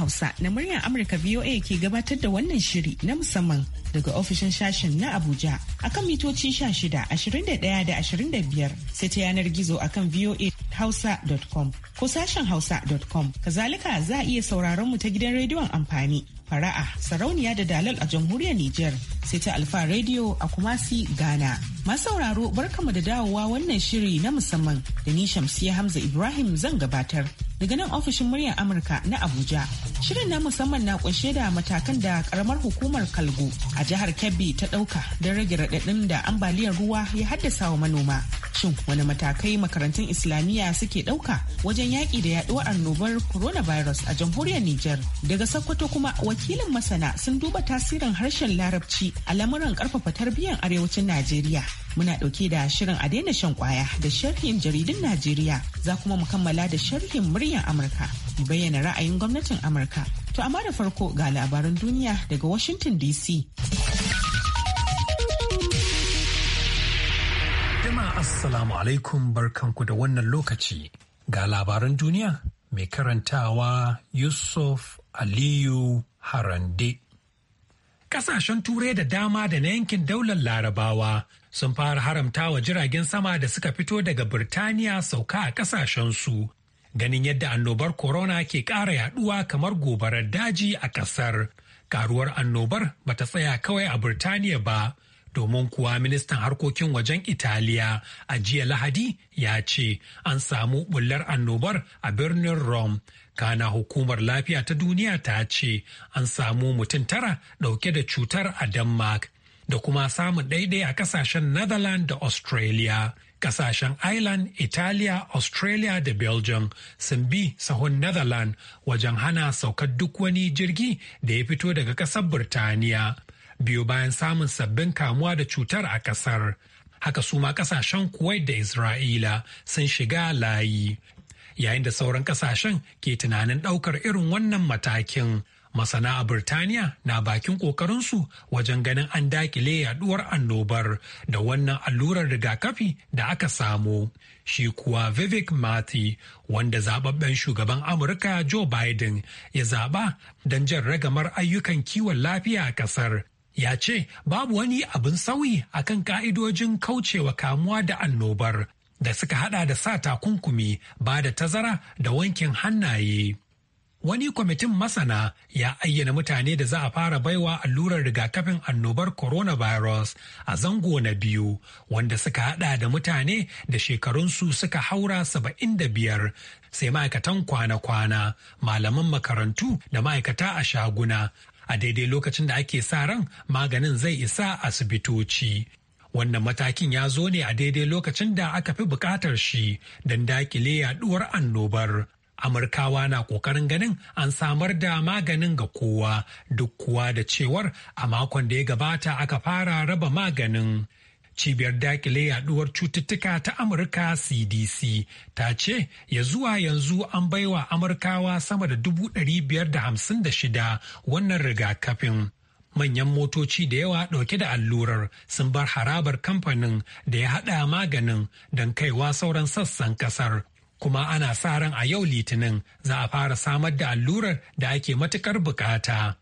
Hausa na muryar Amurka VOA ke gabatar da wannan shiri na musamman daga ofishin sashen na Abuja akan mitoci sha 16, 21 da da ashirin biyar, sai ta yanar gizo akan VOA hausa.com ko sashen hausa.com. Kazalika za a iya sauraron mu ta gidan rediyon amfani fara'a sarauniya da dalal a jamhuriyar Nijar sai ta alfa rediyo a kumasi Ghana. Masu sauraro barkamu da dawowa wannan shiri na musamman da ni Shamsiya Hamza Ibrahim zan gabatar. Daga nan ofishin muryar Amurka na Abuja. Shirin na musamman na kunshe da matakan da karamar hukumar Kalgo a jihar Kebbi ta dauka don rage raɗaɗin da ambaliyar ruwa ya haddasa wa manoma. Shin wani matakai makarantun Islamiyya duniya suke ɗauka wajen yaƙi da yaɗuwar annobar coronavirus a jamhuriyar Nijar. Daga Sokoto kuma wakilin masana sun duba tasirin harshen Larabci a lamuran ƙarfafa tarbiyyar arewacin Najeriya. Muna ɗauke da shirin a daina shan kwaya da sharhin jaridun Najeriya za kuma mu kammala da sharhin muryar Amurka. mu Bayyana ra'ayin gwamnatin Amurka. To amma da farko ga labaran duniya daga Washington DC. Assalamu alaikum barkanku da wannan lokaci ga labaran duniya mai karantawa Yusuf Aliyu Harande. Ƙasashen Turai da dama da na yankin daular Larabawa sun fara haramta wa jiragen sama da suka fito daga Birtaniya sauka a kasashensu. Ganin yadda annobar corona ke ƙara yaduwa kamar gobarar daji a ƙasar. Karuwar annobar bata tsaya kawai a Birtaniya ba. domin kuwa ministan harkokin wajen Italiya a jiya Lahadi ya ce an samu bullar annobar a birnin Rome. Kana hukumar lafiya ta duniya ta ce an samu mutum tara dauke da cutar a Denmark da kuma samun daidai a kasashen Netherlands da Australia. Kasashen Ireland, italiya Australia da Belgium sun bi sahun Netherlands wajen hana saukar duk wani jirgi da ya fito daga kasar Birtaniya. biyo bayan samun sabbin kamuwa da cutar a ƙasar. Haka suma kasashen ƙasashen Kuwait da Isra'ila sun shiga layi. Yayin da sauran ƙasashen ke tunanin ɗaukar irin wannan matakin. Masana a Birtaniya na bakin ƙoƙarinsu wajen ganin an dakile Yaɗuwar annobar da wannan allurar rigakafi da aka samo. Shi kuwa Vivek Mathi wanda zababben shugaban Amurka Joe Biden ya zaba don jan ragamar ayyukan kiwon lafiya a ƙasar ya ce babu wani abin sauyi akan ka'idojin kaucewa kamuwa da annobar da suka hada da sa takunkumi ba da tazara da wankin hannaye. Wani kwamitin masana ya ayyana mutane da za a fara baiwa allurar rigakafin annobar coronavirus a zango na biyu wanda suka hada da mutane da shekarunsu suka haura saba'in da biyar sai ma'aikatan kwana-kwana, malaman makarantu da ma'aikata a shaguna a daidai lokacin da ake sa ran maganin zai isa asibitoci. Wannan matakin ya zo ne a daidai lokacin da aka fi bukatar shi don dakile yaduwar annobar. Amurkawa na ƙoƙarin ganin an samar da maganin ga kowa duk kuwa da cewar a makon da ya gabata aka fara raba maganin. cibiyar dakile yaduwar cututtuka ta amurka cdc ta ce ya zuwa yanzu an baiwa amurkawa sama da dubu ɗari biyar da hamsin da shida wannan rigakafin manyan motoci da yawa ɗauke da allurar sun bar harabar kamfanin da ya haɗa maganin don kaiwa sauran sassan ƙasar kuma ana sa ran a yau litinin za a fara samar da allurar da ake matukar bukata.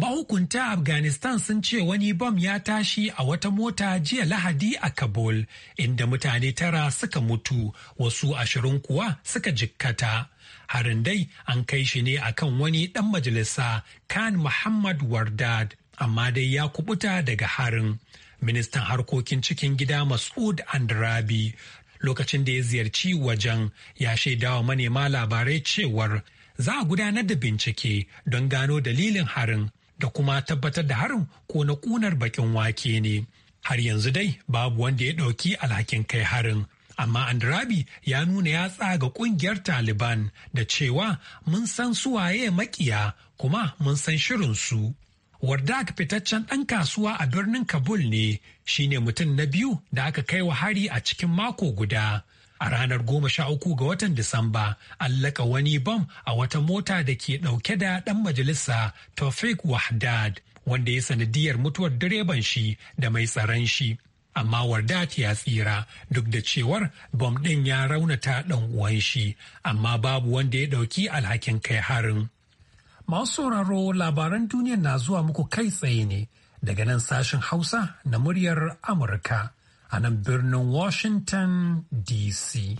Mahukunta Afghanistan sun ce wani bom ya tashi a wata mota jiya Lahadi a Kabul, inda mutane tara suka mutu, wasu ashirin kuwa suka jikkata. Harin dai an kai shi ne akan wani ɗan majalisa Khan Muhammad Wardad, amma dai ya kubuta daga harin. Ministan harkokin cikin gida Masud Andrabi lokacin da ya ziyarci wajen ya shaidawa manema labarai cewar za a gudanar da bincike don gano dalilin harin da kuma tabbatar da harin ko na kunar bakin wake ne. Har yanzu dai babu wanda ya ɗauki alhakin kai harin. Amma Andrabi ya nuna ya tsaga ƙungiyar Taliban da cewa mun san suwaye makiya kuma mun san shirinsu. Wardak fitaccen ɗan kasuwa a birnin Kabul ne shine mutum na biyu da aka kai wa hari a cikin mako guda. a ranar goma sha ga watan Disamba an allaka wani bam a wata mota da ke ɗauke da ɗan majalisa Tofik Wahdad wanda ya sanadiyar mutuwar direban shi da mai tsaron shi. Amma Wardat ya tsira duk da cewar bom ɗin ya raunata ɗan uwan shi, amma babu wanda ya ɗauki alhakin kai harin. Masu sauraro labaran duniya na zuwa muku kai tsaye ne daga nan sashen Hausa na muryar Amurka. a nan birnin Washington DC.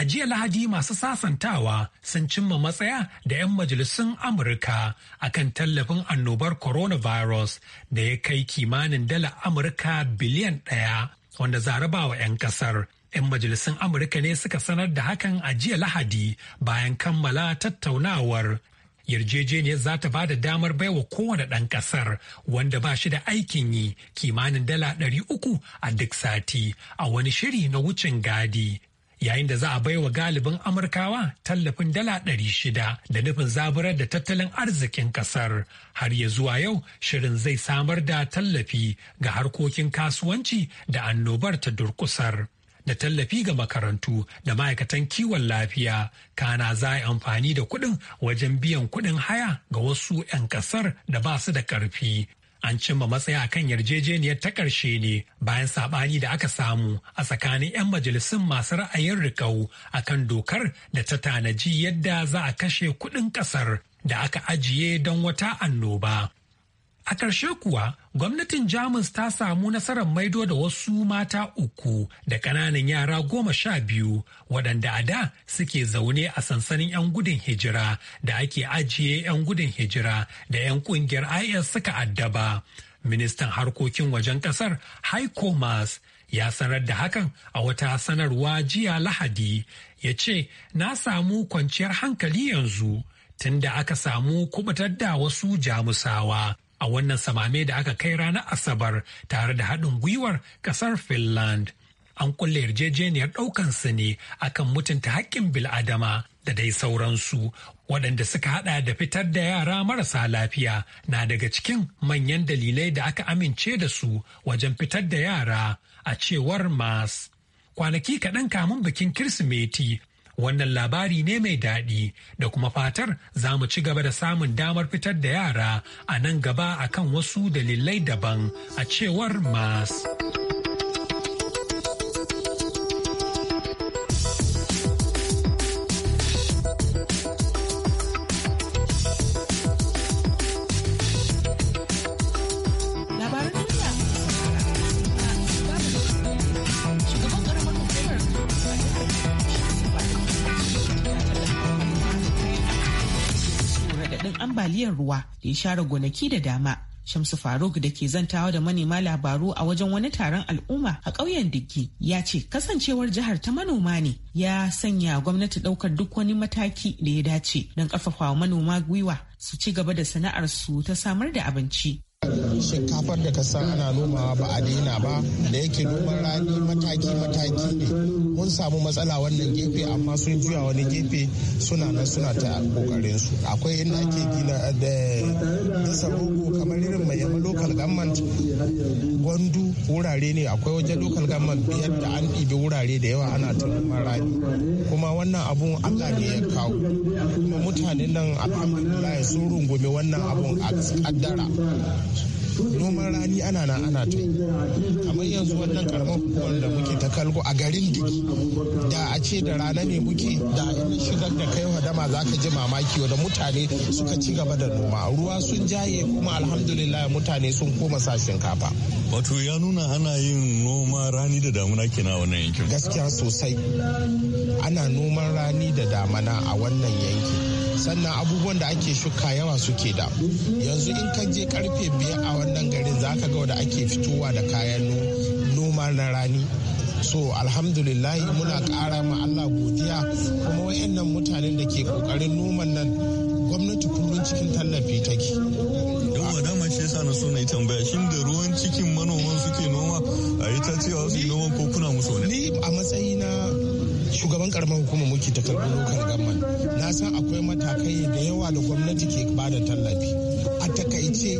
A jiya Lahadi masu sasantawa sun cimma matsaya da 'yan majalisun Amurka a kan tallafin annobar coronavirus da ya kai kimanin dala Amurka biliyan ɗaya wanda zaraba wa 'yan kasar. 'Yan majalisun Amurka ne suka sanar da hakan a jiya Lahadi bayan kammala tattaunawar yarjejeniyar za ta ba da damar baiwa kowane ɗan ƙasar wanda ba shi da aikin yi kimanin dala ɗari uku a duk sati a wani shiri na wucin gadi yayin da za a baiwa galibin amurkawa tallafin dala ɗari shida da nufin zaburar da tattalin arzikin ƙasar har ya zuwa yau shirin zai samar da tallafi ga harkokin kasuwanci da annobar ta durkusar. da tallafi ga makarantu da ma'aikatan kiwon lafiya kana za a amfani da kuɗin wajen biyan kuɗin haya ga wasu 'yan ƙasar da ba su da ƙarfi an cimma matsaya kan yarjejeniyar ta ƙarshe ne bayan saɓani da aka samu a tsakanin 'yan majalisun masu ra'ayin rikau a kan dokar da ta tanaji yadda za a kashe kuɗin ƙasar da aka ajiye don wata annoba A ƙarshe kuwa, gwamnatin Jamus ta samu nasarar maido da wasu mata uku da ƙananan yara goma sha biyu waɗanda a da suke zaune a sansanin 'yan gudun hijira da ake ajiye 'yan gudun hijira da 'yan ƙungiyar IS suka addaba. Ministan harkokin wajen ƙasar Haiko Mas ya sanar da hakan a wata sanarwa jiya Lahadi ya ce, "Na samu kwanciyar hankali yanzu." tun da aka samu kubutar da wasu jamusawa a wannan samame da aka kai ranar Asabar tare da haɗin gwiwar ƙasar Finland. An kulle yarjejeniyar ɗaukansu ne akan mutunta haƙƙin bil'adama da dai sauransu waɗanda suka haɗa da fitar da yara marasa lafiya na daga cikin manyan dalilai da aka amince da su wajen fitar da yara a cewar mas. Kwanaki kaɗan kamun bikin Kirsimeti Wannan labari ne mai daɗi da kuma fatar za mu ci gaba da samun damar fitar da yara a nan gaba akan wasu dalilai daban a cewar mas. da ya share gonaki da dama Shamsu Faruk da ke zantawa da manema labaru a wajen wani taron al'umma a ƙauyen Diggi ya ce kasancewar jihar ta manoma ne ya sanya gwamnati ɗaukar duk wani mataki da ya dace don ƙarfafa manoma gwiwa su ci gaba da sana'ar su ta samar da abinci. shinkafar da ka san ana nomawa ba a daina ba da yake noman rani mataki-mataki ne mun samu matsala wannan gefe amma sun juya wani gefe suna nan suna ta kokarin su akwai inda ake gina eh, da nisa rogo kamar irin mai yamma local government gwandu wurare ne akwai wajen local government biyar da an ɗibi wurare da yawa ana ta noman rani kuma wannan abun allah ne ya kawo mutanen nan alhamdulillah sun rungume wannan abun a kaddara noman rani ana na ana kamar yanzu wannan karamar hukumar da muke ta kalgo a garin diki da a ce da rana ne muke da shigar da kai dama za ka ji mamaki da mutane suka ci gaba da noma ruwa sun jaye kuma alhamdulillah mutane sun koma sa shinkafa wato ya nuna ana yin noma rani da damuna kina wannan yankin gaskiya sosai ana noman rani da damana a wannan yankin sannan abubuwan da ake shuka yawa suke da yanzu in ka je karfe biyar a wannan garin za ka ga wanda ake fitowa da kayan noma na rani so alhamdulillah muna kara ma Allah godiya kuma wayannan mutanen da ke kokarin noman nan gwamnati kullum cikin tallafi take yawa dama shi yasa na so na yi tambaya shin da ruwan cikin manoman suke noma a yi ta cewa su noman ko kuna musu wani ni a matsayi na shugaban karamar hukumar muke ta kalbi local government na san matakai da yawa da gwamnati ke ba da tallafi a takaice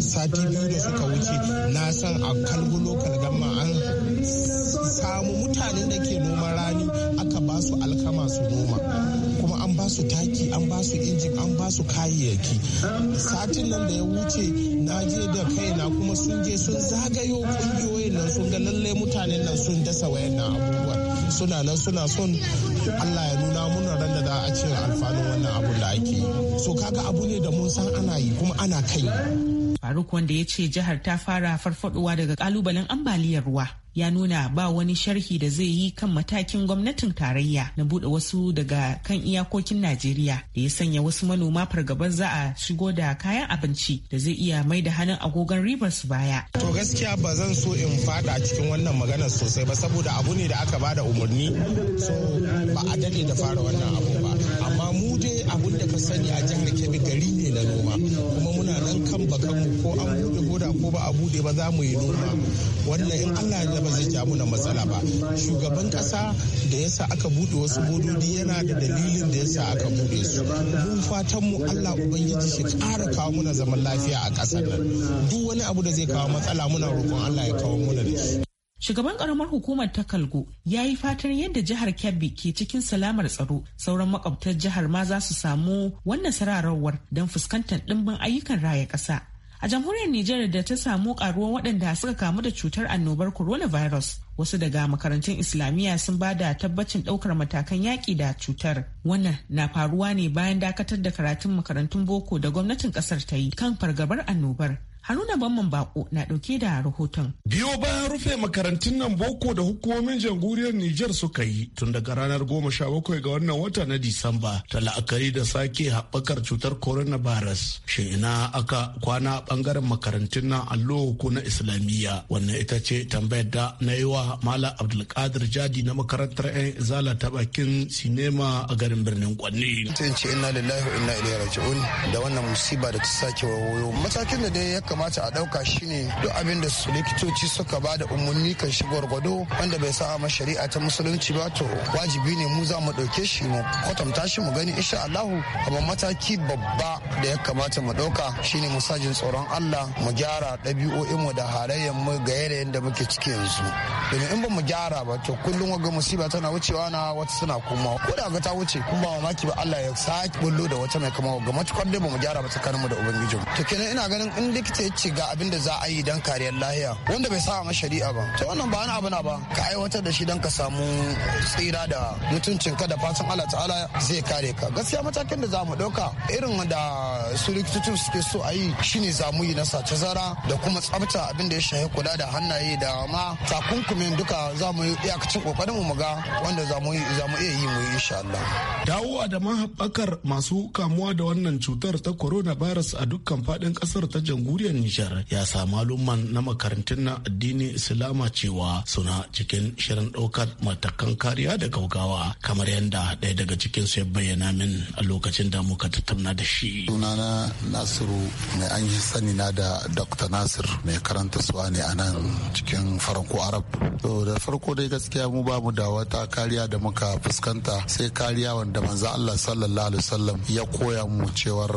sati biyu da suka wuce na san a kalgulo kalgamma an samu mutanen da ke noman rani aka ba su alkama su noma kuma an ba su taki an ba su injin an ba su kayayyaki satin nan da ya wuce na je da kaina kuma sun je sun zagayo kungiyoyin nan sun ga lallai mutanen nan sun dasa wayannan abubuwa suna nan suna son allah ya nuna a alfanun wannan abun da ake so kaga abu ne da mun san ana yi kuma ana kai faruk wanda ya ce jihar ta fara farfadowa daga kalubalen ambaliyar ruwa ya nuna ba wani sharhi da zai yi kan matakin gwamnatin tarayya na bude wasu daga kan iyakokin najeriya da ya sanya wasu manoma fargabar za a shigo da kayan abinci da zai iya mai da hannun agogon ribar su baya to gaskiya ba zan so in fada cikin wannan magana sosai ba saboda abu ne da aka bada umarni so ba a dade da fara wannan abu mu dai abun da ka sani a jihar kebbi gari ne na noma kuma muna nan kan bakan mu ko an bude ko da ko ba a bude ba za mu yi noma wannan in allah ya ba zai ja na matsala ba shugaban kasa da yasa aka bude wasu bododi yana da dalilin da yasa aka bude su mun fatan mu allah ubangiji shi kara kawo muna zaman lafiya a kasar nan duk wani abu da zai kawo matsala muna roƙon allah ya kawo mana da shi Shugaban karamar hukumar ta Kalgo ya yi fatan yadda jihar Kebbi ke cikin salamar tsaro sauran makwabtar jihar ma za su samu wannan sararawar don fuskantar ɗimbin ayyukan raya ƙasa. A jamhuriyar Nijar da ta samu ƙaruwar waɗanda suka kamu da cutar annobar coronavirus wasu daga makarantun Islamiyya sun ba da tabbacin ɗaukar matakan yaƙi da cutar. Wannan na faruwa ne bayan dakatar da karatun makarantun boko da gwamnatin ƙasar ta yi kan fargabar annobar. Haruna Bamman Bako na ɗauke da rahoton. Biyo bayan rufe makarantun nan boko da hukumomin jamhuriyar Nijar suka yi tun daga ranar goma sha bakwai ga wannan wata na Disamba ta la'akari da sake haɓakar cutar coronavirus. Shin ina aka kwana ɓangaren makarantun nan allo ko na Islamiyya? Wannan ita ce tambayar da na yi wa Mala Abdulkadir Jadi na makarantar 'yan Izala ta bakin sinema a garin birnin Kwanne. Sai ce inna lillahi wa inna ilaihi da wannan musiba da ta sake wayo matakin da dai kamata a ɗauka shine duk abin da su likitoci suka ba da umarni kan shi gwargwado wanda bai sa ma shari'a ta musulunci ba to wajibi ne mu za mu ɗauke shi mu kwatanta shi mu gani insha Allahu amma mataki babba da ya kamata mu ɗauka shine mu sa tsoron Allah mu gyara ɗabi'o'in mu da halayen mu ga yanayin da muke ciki yanzu domin in ba mu gyara ba to kullum waga musiba tana wucewa na wata suna kuma ko da ga ta wuce kun ba mamaki ba Allah ya sake bullo da wata mai kama ga matukar dai ba mu gyara ba tsakaninmu da ubangijinmu to kenan ina ganin in likita sai yi ga abin da za a yi don kariyar lahiya wanda bai sa ma shari'a ba to wannan ba wani abu na ba ka aiwatar da shi don ka samu tsira da mutuncinka da fatan Allah ta'ala zai kare ka gaskiya matakin da za mu ɗauka irin da su likitocin suke so a yi shine za mu yi na sace zara da kuma tsafta abin da ya shahi kula da hannaye da ma takunkumin duka za mu yi iyakacin kokarin mu ga wanda za mu iya yi mu yi insha Allah dawowa da mahaɓakar masu kamuwa da wannan cutar ta coronavirus a dukkan faɗin ƙasar ta jamhuriyar jamhuriyar Nijar ya samu alumman na makarantun na addinin Islama cewa suna cikin shirin ɗaukar matakan kariya da gaugawa kamar yadda ɗaya daga cikin su ya bayyana min a lokacin da muka tattauna da shi. Sunana Nasiru mai an yi sani na da Dr. Nasir mai karanta suwa ne a nan cikin faranko Arab. To da farko dai gaskiya mu ba mu da wata kariya da muka fuskanta sai kariya wanda manzo Allah sallallahu alaihi wasallam ya koya mu cewar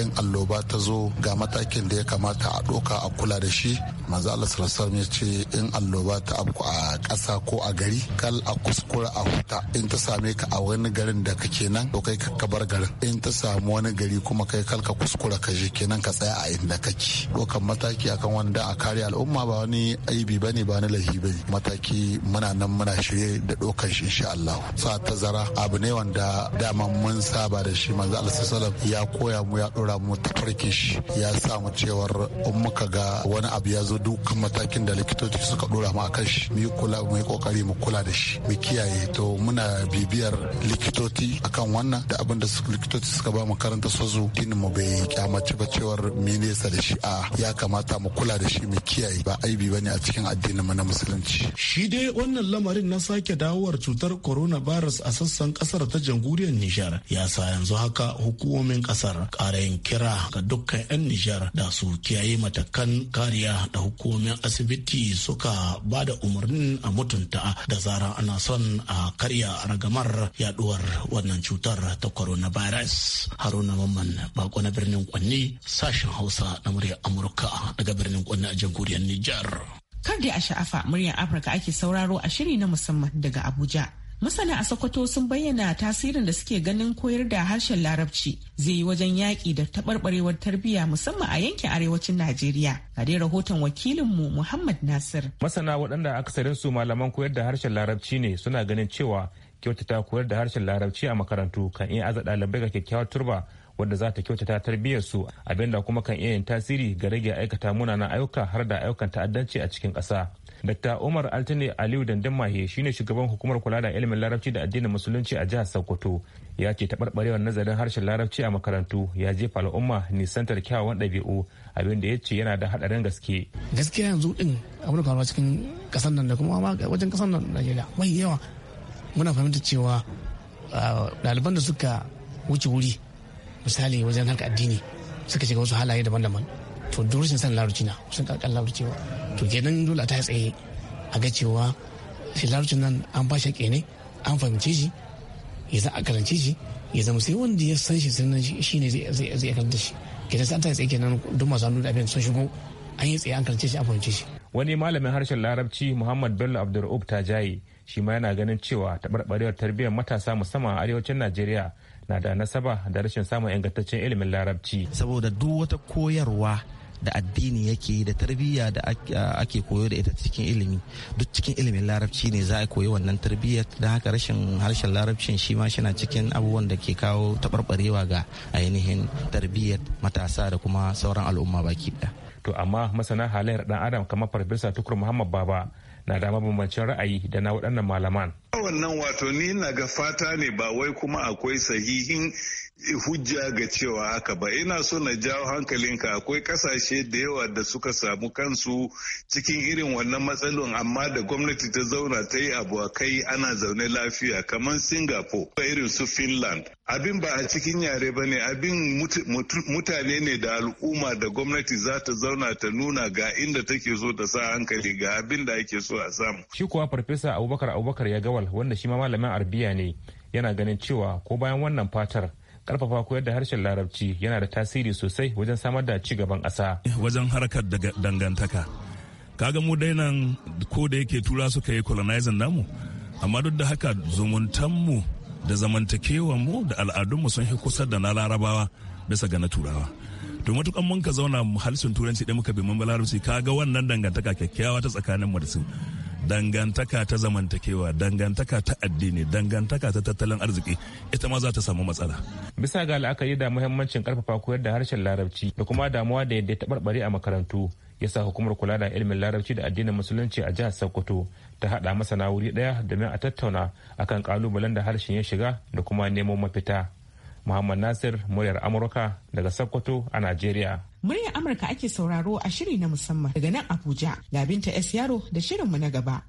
in alloba ta zo ga matakin da ya kamata kamata a doka a kula da shi maza Allah ya ce in alloba ta abu a ƙasa ko a gari kal a kuskura a huta in ta same ka a wani garin da kake nan to kai ka bar garin in ta samu wani gari kuma kai kal ka kuskura ka je kenan ka tsaya a inda kake dokan mataki akan wanda a kare al'umma ba wani aibi bane ba wani lahi bane mataki muna nan muna shirye da dokan shi insha Allah sa tazara abu ne wanda dama mun saba da shi manzo Allah ya koya mu ya ɗora mu tafarkin shi ya samu cewa cewar bukatar in muka ga wani abu ya zo dukkan matakin da likitoci suka dora mu akan shi mu kula mu yi kokari mu kula da shi mu kiyaye to muna bibiyar likitoci akan wannan da abin da likitoci suka ba mu karanta sozo dinin mu bai kyamaci ba cewar mu nesa da shi a ya kamata mu kula da shi mu kiyaye ba aibi bane a cikin addinin mu na musulunci shi dai wannan lamarin na sake dawowar cutar coronavirus a sassan kasar ta jamhuriyar Nijar ya sa yanzu haka hukumomin kasar ƙara kira ga dukkan 'yan Nijar da su kiyaye matakan kariya da hukumomin asibiti suka ba da umarnin a mutunta da zara ana son a karya ragamar yaduwar wannan cutar ta coronavirus haruna mamman bako na birnin kwanni sashen hausa na muryar amurka daga birnin kwanni a jamhuriyar nijar kar dai a sha'afa muryar afirka ake sauraro a shiri na musamman daga abuja Masana a Sokoto sun bayyana tasirin da suke ganin koyar da harshen Larabci zai yi wajen yaƙi da taɓarɓarewar tarbiyya musamman a yankin arewacin Najeriya. A dai rahoton wakilinmu Muhammad Nasir. Masana waɗanda akasarin su malaman koyar da harshen Larabci ne suna ganin cewa kyautata koyar da harshen Larabci a makarantu kan iya aza ɗalibai ga kyakkyawar turba wadda za ta kyautata su abinda kuma kan iya yin tasiri ga rage aikata munanan ayyuka har da ayyukan ta'addanci a cikin ƙasa. Dr. Umar Altine Aliyu Dandan Mahe ne shugaban hukumar kula da ilimin larabci da addinin musulunci a jihar Sokoto ya ce taɓarɓarewar nazarin harshen larabci a makarantu ya jefa al'umma nisantar kyawawan ɗabi'u abin da ya ce yana da haɗarin gaske. Gaskiya yanzu ɗin abin da faruwa cikin ƙasar nan da kuma wajen ƙasar nan ke mai yawa muna fahimta cewa ɗaliban da suka wuce wuri misali wajen harka addini suka shiga wasu halaye daban-daban to duk sun san larabci na sun karkar larabci ba to kenan dole a ta tsaye a ga cewa shi larabcin nan an ba shi ne an fahimce shi ya za a karance shi ya zama sai wanda ya san shi sannan shi ne zai karanta shi kenan sai an ta tsaye kenan duk masu hannu da abin sun shigo an yi tsaye an karance shi an fahimce shi wani malamin harshen larabci muhammad bello abdulrahman tajaye shi ma yana ganin cewa taɓarɓarewar tarbiyyar matasa musamman a arewacin najeriya na da nasaba da rashin samun ingantaccen ilimin larabci saboda duk wata koyarwa da addini yake da tarbiyya da ake koyo da ita cikin ilimi duk cikin ilimin larabci ne za a koyi wannan tarbiyya da haka rashin harshen larabcin shi ma shina cikin abubuwan da ke kawo taɓarɓarewa ga ainihin tarbiyyar matasa da kuma sauran al'umma baki ɗaya. to amma masana halayyar dan adam kamar farfesa tukur muhammad baba na da bambancin ra'ayi da na waɗannan malaman. Wannan wato ni na ga fata ne ba wai kuma akwai sahihin hujja ga cewa haka ba ina so na jawo hankalinka akwai kasashe da yawa da suka samu kansu cikin irin wannan matsalon amma da gwamnati ta zauna ta yi abu a kai ana zaune lafiya kamar singapore irin su finland abin ba a cikin yare ba ne abin mutane ne da al'umma da gwamnati za ta zauna ta nuna ga inda take so ta sa hankali ga abin da ake so a samu shi kuwa farfesa abubakar abubakar ya gawal wanda shi ma malamin arbiya ne yana ganin cewa ko bayan wannan fatar karfafa koyar da harshen larabci yana da tasiri sosai wajen samar da ci gaban kasa. Eh, wajen harkar dangantaka kaga mu dai nan ko da yake tura suka yi colonizing namu amma duk da haka zumuntanmu da zamantakewa mu da al'adunmu sun fi kusa da na larabawa bisa ga na turawa to matukan mun ka zauna halsin turanci da muka bi mun larabci kaga wannan dangantaka kyakkyawa ta tsakaninmu da su dangantaka ta zamantakewa dangantaka ta addini dangantaka ta tattalin arziki ita ma za ta samu matsala bisa ga la'akari da muhimmancin karfafa koyar da harshen larabci da kuma damuwa da yadda taɓarɓare a makarantu ya sa hukumar kula da ilimin larabci da addinin musulunci a jihar sokoto ta haɗa masana wuri ɗaya domin a tattauna akan kalubalen da harshen ya shiga da kuma neman mafita Muhammad Nasir muryar Amurka daga Sokoto a Najeriya. Muryar Amurka ake sauraro a shiri na musamman daga nan Abuja ga Binta S Yaro da shirinmu na gaba.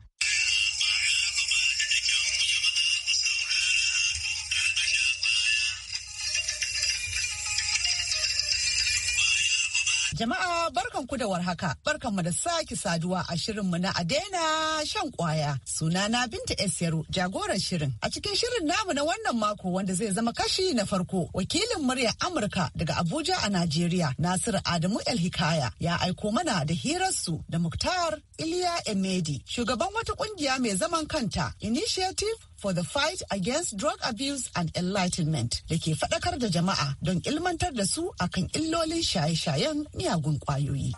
Jama'a barkan ku da warhaka. Barkan mu da sake saduwa a shirin mu na a daina shan kwaya. Sunana Binta Esiyaru jagoran shirin. A cikin shirin namu na wannan mako wanda zai zama kashi na farko wakilin murya Amurka daga Abuja a Najeriya Nasir Adamu El Hikaya ya aiko mana da hirarsu da Muktar Iliya Emedi shugaban wata kungiya mai zaman kanta Initiative for the Fight Against Drug Abuse and Enlightenment da ke faɗakar da jama'a don ilmantar da su akan illolin shaye-shayen miyagun ƙwayoyi.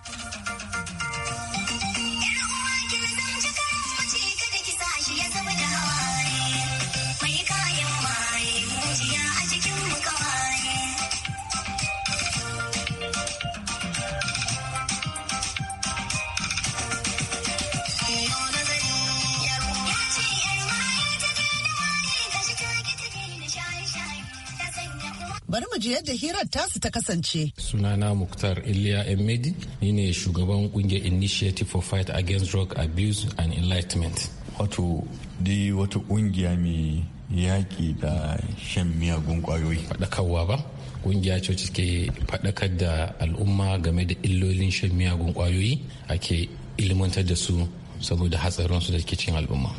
ji yadda hirar tasu ta kasance. Sunana Muktar Iliya Emedi, ni ne shugaban kungiyar Initiative for Fight Against Drug Abuse and Enlightenment. Wato, di wata kungiya mai yaƙi da shan miyagun ƙwayoyi. Faɗakarwa ba, kungiya ce ke faɗakar da al'umma game da illolin shan miyagun ƙwayoyi ake ilmantar da su saboda hatsarinsu da ke al'umma.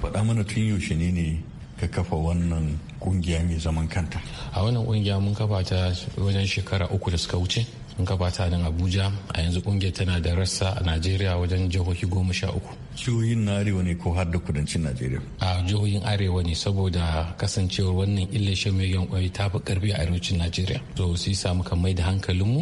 Faɗa mana tun yaushe ne ne ka kafa wannan kungiya mai zaman kanta a wannan kungiya mun kafa ta wajen shekara uku da suka wuce mun kafa ta nan abuja a yanzu kungiyar tana da rassa a najeriya wajen jihohi goma sha uku jihohin na arewa ne ko har da kudancin najeriya a jihohin arewa ne saboda kasancewar wannan illar shan miyagun kwai ta fi karfi a arewacin najeriya to sai samu kan mai da hankalinmu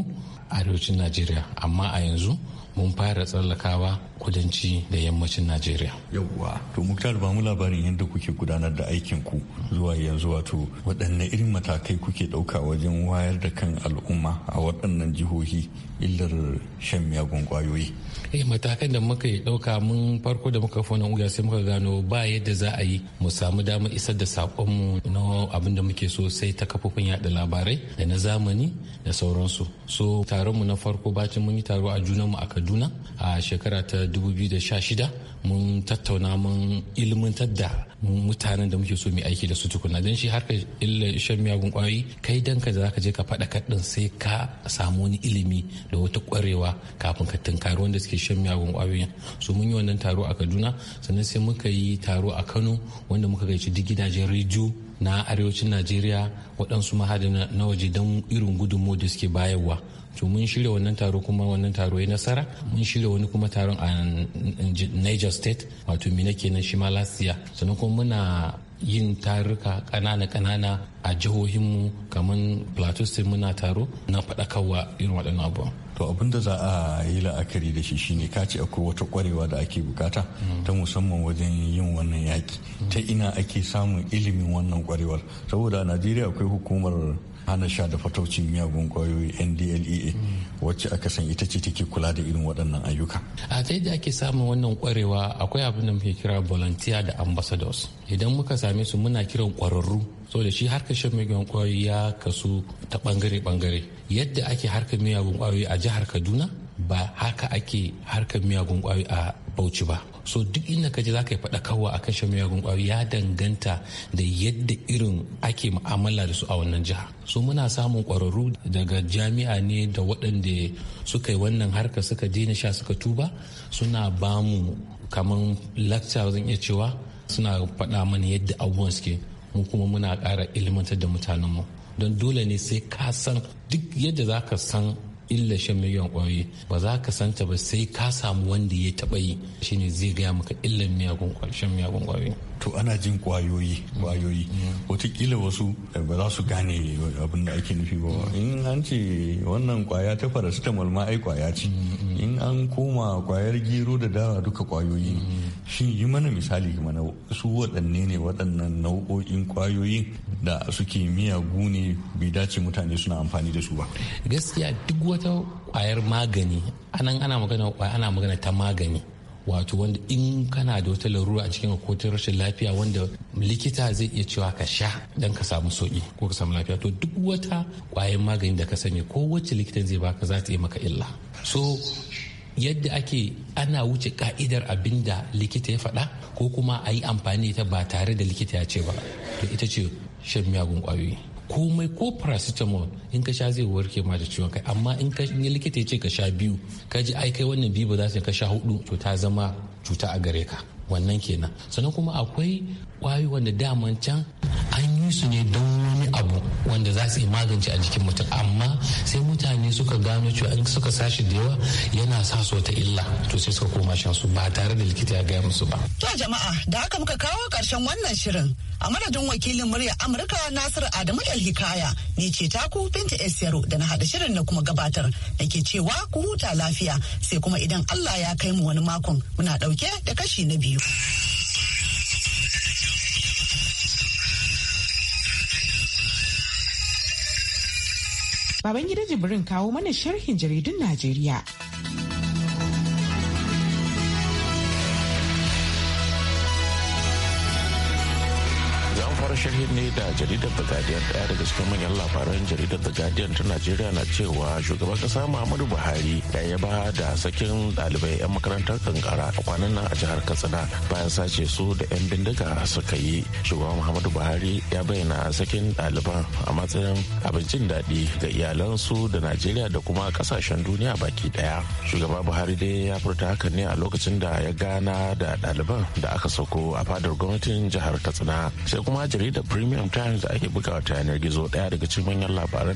arewacin najeriya amma a yanzu mun fara tsallakawa kudanci da yammacin najeriya yawwa to muktar ba mu labarin yadda kuke gudanar da aikin ku zuwa yanzu wato waɗanne irin matakai kuke ɗauka wajen wayar da kan al'umma a waɗannan jihohi illar shan miyagun ƙwayoyi eh matakan da muka yi ɗauka mun farko da muka fona uga sai muka gano ba yadda za a yi mu samu damar isar da saƙonmu na abin da muke so sai ta kafofin yada labarai da na zamani da sauransu so taron mu na farko bacin mun yi taro a junanmu a Kaduna a shekara ta 2016 mun tattauna mun ilmantar da mutanen da muke so mu aiki da su tukuna don shi harka illa shan miyagun kwayoyi kai dan ka za ka je ka faɗa kaɗin sai ka samu wani ilimi da wata ƙwarewa kafin ka tunkari wanda suke shan miyagun kwayoyi su mun yi wannan taro a kaduna sannan sai muka yi taro a kano wanda muka gaici duk gidajen rediyo na arewacin najeriya waɗansu mahadin na waje don irin gudunmo da suke bayarwa to mun shirya wannan taro kuma wannan taro ya nasara mun shirya wani kuma taron a niger state wato mina kenan shi malasiya sannan kuma muna yin taruka kanana-kanana a jihohinmu kamar plateau state muna taro na faɗakarwa irin waɗannan abubuwan to abin da za a yi la'akari da shi shine ka ce akwai wata kwarewa da ake bukata mm. ta musamman wajen yin wannan yaki ta ina ake samun ilimin wannan kwarewar saboda a najeriya akwai hukumar hana sha da fataucin miyagun kwayoyi ndlea wacce aka san ita ce take kula da irin waɗannan ayyuka a ta yadda ake samun wannan kwarewa akwai abin da muke kira volunteer da ambassadors idan muka same su muna kiran kwararru so da shi harkar shan miyagun kwayoyi ya kasu ta bangare-bangare yadda ake harkar miyagun kwayoyi a jihar kaduna ba haka ake harkar miyagun kwayoyi a bauchi ba so duk inda ka je za ka yi faɗa kawa a kashe miyagun kwayoyi ya danganta da yadda irin ake mu'amala da su a wannan jiha so muna samun kwararru daga jami'a ne da waɗanda suka yi wannan harka suka daina sha suka tuba suna ba mu kamar lakca zan iya cewa suna faɗa mana yadda abubuwan suke mu kuma muna ƙara ilmantar da mutanenmu don dole ne sai ka san duk yadda za ka san illa shan miyagun kwayoyi ba za ka santa ba sai ka samu wanda ya taɓa yi shine zai gaya maka illan shan miyagun kwayoyi to ana jin kwayoyi kwayoyi watakila wasu eh, ba za su gane abin da ake nufi ba in an ce wannan kwaya ta paracetamol ma ai kwaya ce in an koma kwayar gero da dawa duka kwayoyi shin yi mana misali mana su waɗanne ne waɗannan nau'o'in kwayoyin da suke miyagu ne bai dace mutane suna amfani da su ba gaskiya duk wata kwayar magani anan ana magana ta magani wato wanda in kana da wata larura a cikin akwatin rashin lafiya wanda likita zai iya cewa ka sha dan ka samu sauki ko ka samu lafiya to duk wata kwayan magani da ka sani ko wacce likitan zai baka za ta yi maka illa so yadda ake ana wuce ka'idar abin da likita ya faɗa ko kuma a yi amfani ta ba tare da likita ya ce ba to ita ce shan miyagun kwayoyi komai ko paracetamol in ka sha zai warke ma da ciwon kai amma in ka likita ya ce ka sha biyu ka ji ai wannan biyu ba za su ka sha hudu to ta zama cuta a gare ka wannan kenan sannan kuma akwai kwayoyi wanda daman can an yi su ne don wani abu wanda za su yi magance a jikin mutum amma sai mutane ne suka gano cewa in suka sashi da yawa yana sa su wata illa to sai suka koma shan su ba tare da likita ya gaya musu ba. To jama'a da haka muka kawo karshen wannan shirin a madadin wakilin murya Amurka Nasir Adamu Hikaya ne ce taku Binta Esiyaro da na hada shirin na kuma gabatar da ke cewa ku huta lafiya sai kuma idan Allah ya kai mu wani makon muna dauke da kashi na biyu. Baban gida Jibrin kawo mana sharhin jaridun Najeriya. sharhin ne da jaridar The Guardian daya daga cikin manyan labaran jaridar The Guardian ta Najeriya na cewa shugaban kasa Muhammadu Buhari da ya ba da sakin dalibai 'yan makarantar kankara a kwanan nan a jihar Katsina bayan sace su da 'yan bindiga suka yi. Shugaban Muhammadu Buhari ya bayyana sakin ɗaliban a matsayin abincin daɗi ga iyalansu da Najeriya da kuma kasashen duniya baki ɗaya. Shugaba Buhari dai ya furta hakan ne a lokacin da ya gana da ɗaliban da aka sauko a fadar gwamnatin jihar Katsina. Sai kuma jaridar jarida premium times da ake bugawa ta yanar gizo daya daga cikin manyan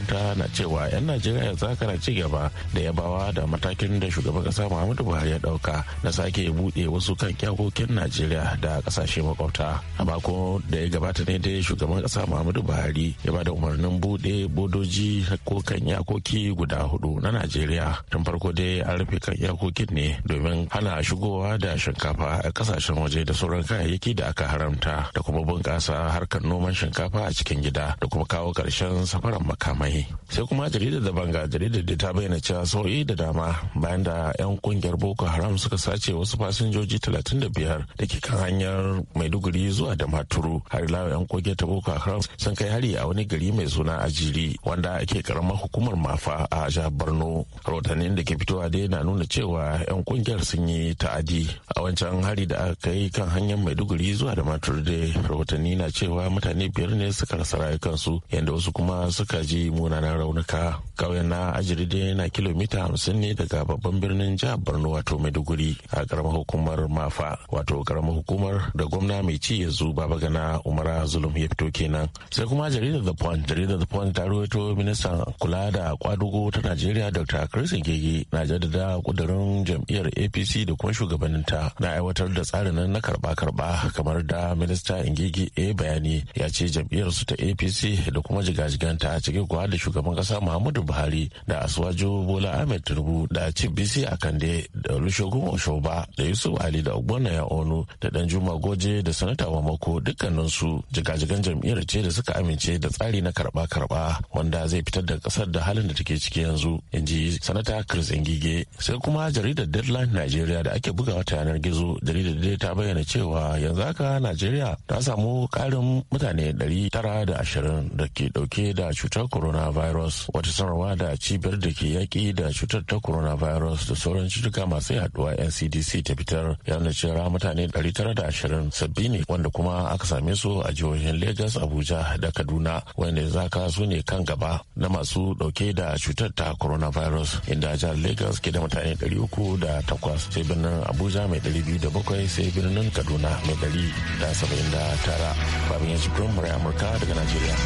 ta na cewa 'yan najeriya ya haka na ci gaba da bawa da matakin da shugaban kasa muhammadu buhari ya dauka na sake buɗe wasu kan kyakokin najeriya da kasashe makwabta a mako da ya gabata ne da shugaban kasa muhammadu buhari ya ba da umarnin buɗe bodoji ko kan yakoki guda hudu na najeriya tun farko dai an rufe kan yakokin ne domin hana shigowa da shinkafa a kasashen waje da sauran kayayyaki da aka haramta da kuma bunƙasa harkar noman shinkafa a cikin gida da kuma kawo karshen safaran makamai sai kuma jaridar da banga jaridar da ta bayyana cewa sauyi da dama bayan da 'yan kungiyar boko haram suka sace wasu fasinjoji 35 da ke kan hanyar maiduguri zuwa da maturu har ila 'yan kungiyar ta boko haram sun kai hari a wani gari mai suna ajiri wanda ake karamar hukumar mafa a jihar borno rahotannin da ke fitowa dai na nuna cewa 'yan kungiyar sun yi ta'adi a wancan hari da aka kai kan hanyar maiduguri zuwa da maturu dai rahotanni na cewa mutane biyar ne suka rasa rayukansu yadda wasu kuma suka ji munanan raunuka ƙauyen na ajiri na kilomita hamsin ne daga babban birnin jihar borno wato maiduguri a karamar hukumar mafa wato karamar hukumar da gwamna mai ci yanzu gana umara zulum ya fito kenan sai kuma jaridar the point jaridar the point ta ruwaito ministan kula da kwadugo ta najeriya dr chris gege na jaddada kudurin jam'iyyar apc da kuma shugabanninta na aiwatar da tsarin na karba karba kamar da minista ingege a bayani ya ce jam'iyyarsu ta APC da kuma jigajiganta a cikin kuwa da shugaban kasa Muhammadu Buhari da Asuwaju Bola Ahmed Tinubu da a Kande da Olusegun Oshoba da Yusuf Ali da Ogbonna ya Onu da Danjuma Goje da Sanata mamako dukkaninsu jigajigan jam'iyyar ce da suka amince da tsari na karba-karba wanda zai fitar da kasar da halin da take ciki yanzu in ji Sanata Chris Ngige sai kuma jaridar Deadline Nigeria da ake bugawa ta yanar gizo jaridar ta bayyana cewa yanzu haka Najeriya ta samu karin mutane 920 da ke dauke da cutar coronavirus wata sanarwa da cibiyar da ke yaki da cutar ta coronavirus da sauran cutuka masu yaduwa ncdc ta fitar ya nuna cewa mutane 920 sabbi ne wanda kuma aka same su a jihohin lagos abuja da kaduna wanda zaka su ne kan gaba na masu dauke da cutar ta coronavirus inda jihar lagos ke da mutane 308 sai birnin abuja mai 207 sai birnin kaduna mai 179 Jibrin Amurka daga Najeriya.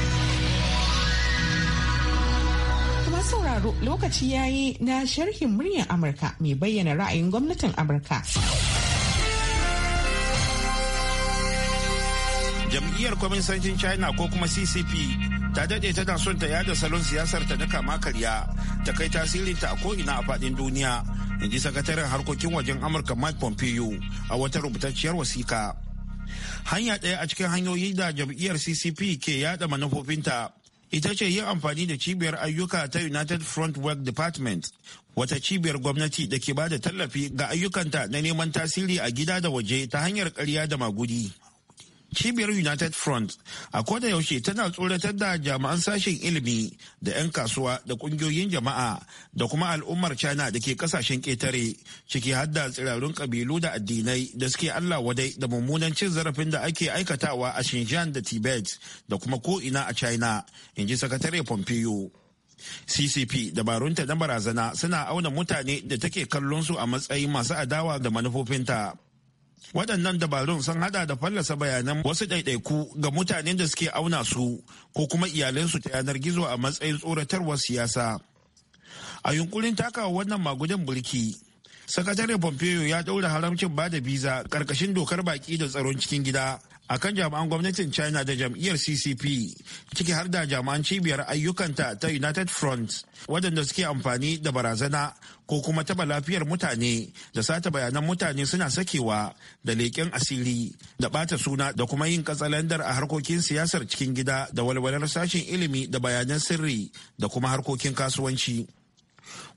Kuma sauraro lokaci ya yi na sharhin muryar Amurka mai bayyana ra'ayin gwamnatin Amurka. Jam'iyyar sanjin China ko kuma CCP ta dade tana son ta yada salon siyasar ta na kama karya ta kai tasirinta a ko'ina a fadin duniya inji sakataren harkokin wajen amurka mike pompeo a wata rubutacciyar wasika hanya ɗaya a cikin hanyoyi da jam'iyyar ccp ke yada manufofinta ita ce yin amfani da cibiyar ayyuka ta united front work department wata cibiyar gwamnati da ke bada tallafi ga ayyukanta na neman tasiri a gida da waje ta hanyar karya da magudi cibiyar united front a koda yaushe tana tsoratar da jami'an sashen ilimi da 'yan kasuwa da kungiyoyin jama'a da kuma al'ummar china da ke kasashen ketare ciki har da tsirarun kabilu da addinai da suke allah wadai da mummunan cin zarafin da ake aikatawa a xinjiang da tibet da kuma ko'ina a china in ji sakatare pompeo ccp dabarunta na barazana suna auna mutane da take kallon su a matsayin masu adawa da manufofinta waɗannan dabarun sun hada da fallasa bayanan wasu ɗaiɗaiku ga mutanen da suke auna su ko kuma iyalansu ta yanar gizo a matsayin tsoratarwar siyasa a yunkurin takawa wannan magudan burki Sakatare pompeo ya ɗaura haramcin ba da biza ƙarƙashin dokar baƙi da tsaron cikin gida akan jami'an gwamnatin china da jam'iyyar ccp ciki har da jami'an cibiyar ayyukanta ta united front waɗanda suke amfani da barazana ko kuma taba lafiyar mutane da sata bayanan mutane suna sakewa da leƙen asiri da ɓata suna da kuma yin katsalandar a harkokin siyasar cikin gida da walwalar sashen ilimi da bayanan sirri da kuma harkokin kasuwanci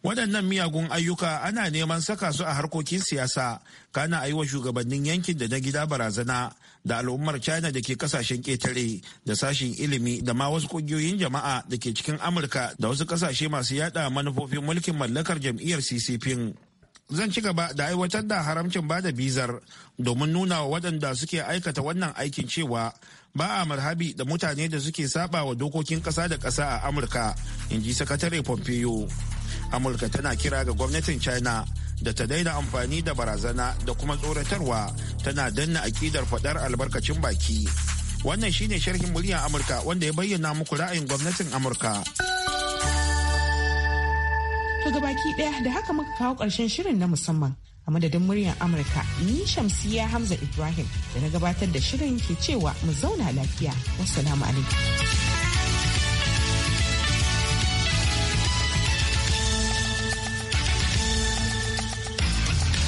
waɗannan miyagun ayyuka ana neman saka su a harkokin siyasa kana a yi wa shugabannin yankin da na gida barazana da al'ummar china da ke kasashen ƙetare da sashen ilimi da ma wasu ƙungiyoyin jama'a da ke cikin amurka da wasu ƙasashe masu yada manufofin mulkin mallakar jam'iyyar ccp zan ci gaba da aiwatar da haramcin ba da bizar domin nuna wa waɗanda suke aikata wannan aikin cewa ba a marhabi da mutane da suke saba wa dokokin ƙasa da ƙasa a amurka in ji sakatare pompeo amurka tana kira ga gwamnatin china da ta daina amfani da barazana da kuma tsoratarwa tana danna akidar fadar albarkacin baki wannan shine sharhin muryar amurka wanda ya bayyana muku ra'ayin gwamnatin amurka to gabaki ɗaya da haka muka kawo ƙarshen shirin na musamman a madadin muryar amurka ni shamsiya hamza ibrahim da na gabatar da shirin ke cewa mu zauna lafiya wassalamu alaikum